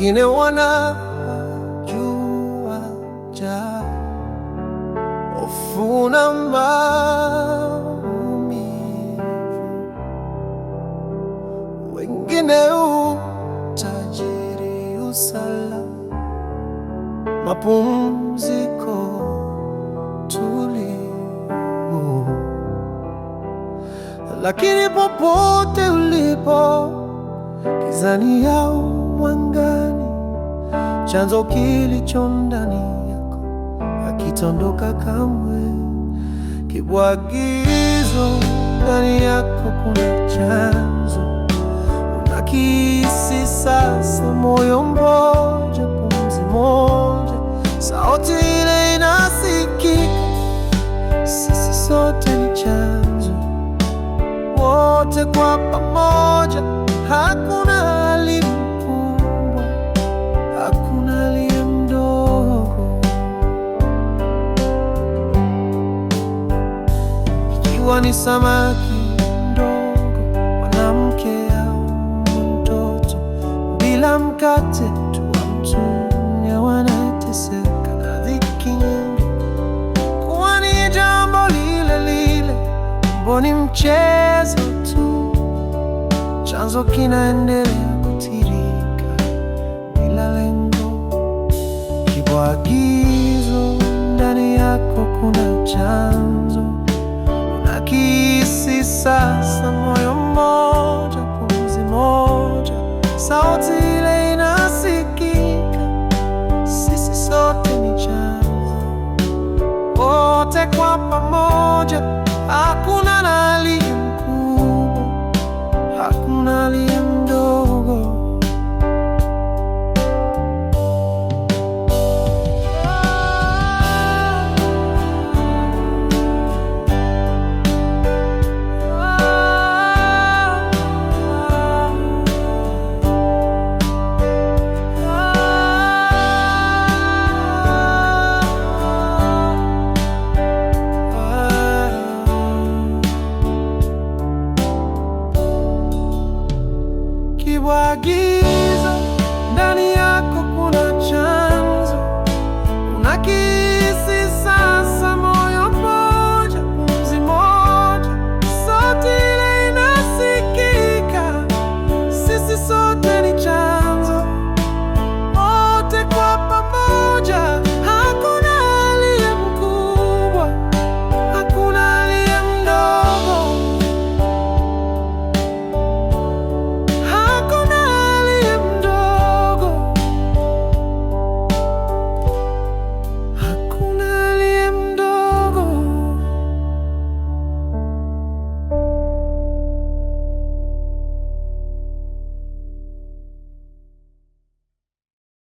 wengine wanajua ja hofu na maumivu, wengine utajiri, usalama, mapumziko, tulivu. Lakini popote ulipo, kizani au mwanga chanzo kilicho ndani yako hakitondoka kamwe. Kibwagizo ndani yako kuna chanzo, kisi sasa, moyo mmoja, pumzi moja, sauti kuwa ni samaki mdogo, mwanamke au mtoto bila mkate tu, wamtunya wanateseka na dhiki nyingi, kuwa ni jambo lile lile, umbo ni mchezo tu, chanzo kinaendelea kutirika bila lengo, kibwagizo ndani yako kuna chanzo Jesus ulibwagiza ndani